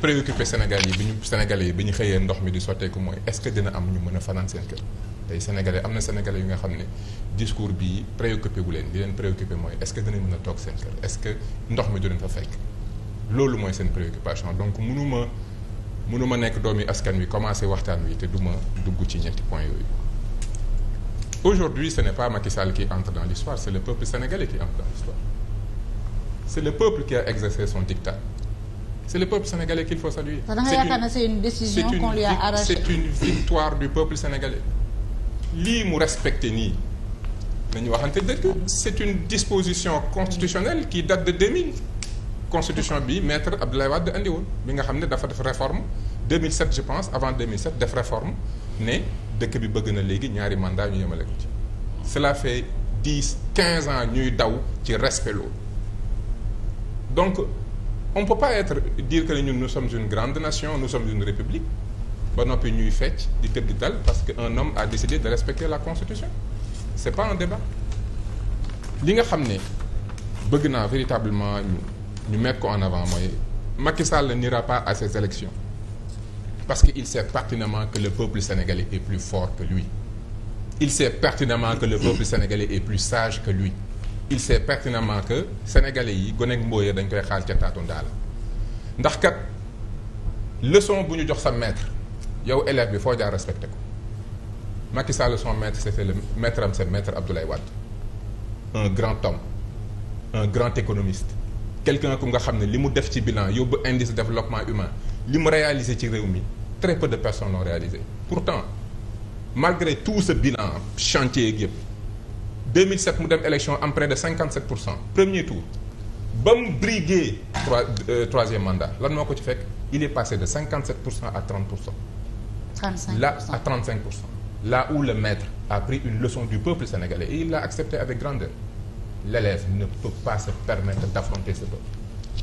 préoccupé Sénégal yi bi ñu Sénégalais yi bi ñu xëyee ndox mi di sotteeku mooy est-ce que dina am ñu mën a fanaan seen kër tey Sénégalais am na Sénégalais yu nga xam ne discours bii préoccupé wu leen li leen préoccupé mooy est-ce que dinañ mën a toog seen kër est-ce que ndox mi du leen fa fekk loolu mooy seen préoccupation donc mënuma mënuma nekk doomi askan wi commencé waxtaan wi te duma dugg ci ñetti point yooyu aujourd'hui ce n'est pas Macky Sall qui entre dans l'histoire c'est le peuple sénégalais qui le peuple qui a exercé c'est le peuple sénégalais qu'il faut saluer. da nga yaakaar ne c'est une décision qu'on lui lii mu respecté nii nañu waxante dëgg c'est une disposition constitutionnelle qui date de 2000. constitution bi maître Abdoulaye Wade andi woon bi nga xam ne dafa def réforme 2007 je pense avant 2007 def réforme ne dëkk bi bëgg na léegi ñaari mandat ñu yemale ko ci. cela fait dix quinze ans ñuy daw ci respect loolu on peut pas être dire que ñun nous sommes une grande nation nous sommes une république ba noppi ñuy fecc di tëgg dal parce que un homme a décidé de respecter la constitution c'est pas un débat li nga xam ne bëgg naa véritablement ñu ñu mettre ko avant mooy Macky Sall n'ira pas à ces élections parce que il sait pertinemment que le peuple sénégalais est plus fort que lui il sait pertinemment que le peuple sénégalais est plus sage que lui il sait pertinemment que sénégalais yi gonek mbooyee dañ koy xaal ca taatu ndaa la ndax kat leçon bu ñu jox sa maître yow élève bi foo jaar respecté ko Macky Sall son maître c'était le maître am c'est maître Abdoulaye Wade un grand homme un grand économiste quelqu'un ku nga xam ne li mu def ci bilan yóbbu indice développement humain li mu réalisé ci réew mi très peu de personne l'ont réalisé pourtant malgré tout ce bilan chantier yëpp 2007 mu dem élection am près de 57 pour cent premier tour ba mu briguer trois euh, troisième mandat lan moo ko ci fekk il est passé de 57 pour cent à 30 pour cent. 35 là à 35 pour cent. là où le maître a pris une leçon du peuple sénégalais et il l'a accepté avec grandeur l'élève ne peut pas se permettre d'affronter ce peuple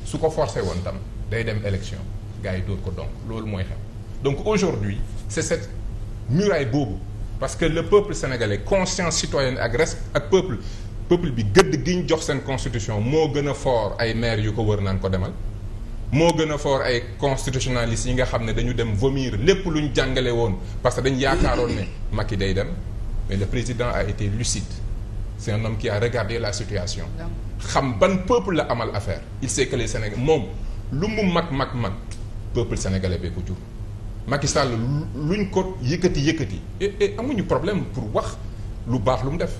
su ko forcé woon tam day dem élection gars yi dóor ko donc loolu mooy xam donc aujourd'hui c'est cette muraille boobu parce que le peuple sénégalais conscience citoyenne ak res ak peuple peuple bi gëdd gi ñu jox seen constitution moo gën a fort ay maire yu ko wër naan ko demal moo gën a fort ay constitutionnalistes yi nga xam ne dañu dem vomir lépp lu ñu jàngale woon parce que dañu yaakaaroon ne Macky day dem mais le président a été lucide c'est un homme qui a regardé la situation xam ban peuple la amal affaire il sait que les moom lu mu mag mag mag peuple sénégalais bee ko Macky Sall luñ ko yëkkati yëkkati et et amuñu problème pour wax lu baax lu mu def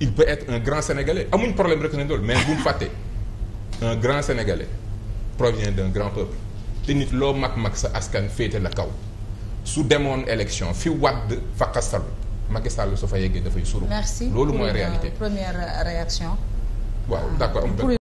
il peut être un grand sénégalais amuñu problème rek ne loolu mais bu mu fàtte un grand sénégalais provient d'un grand peuple te nit loo mag-mag sa askan féete la kaw su demoon élection fi wàdd faqasalu Macky Sall su fa yeggee dafay suru loolu mooy réalité waaw d'accord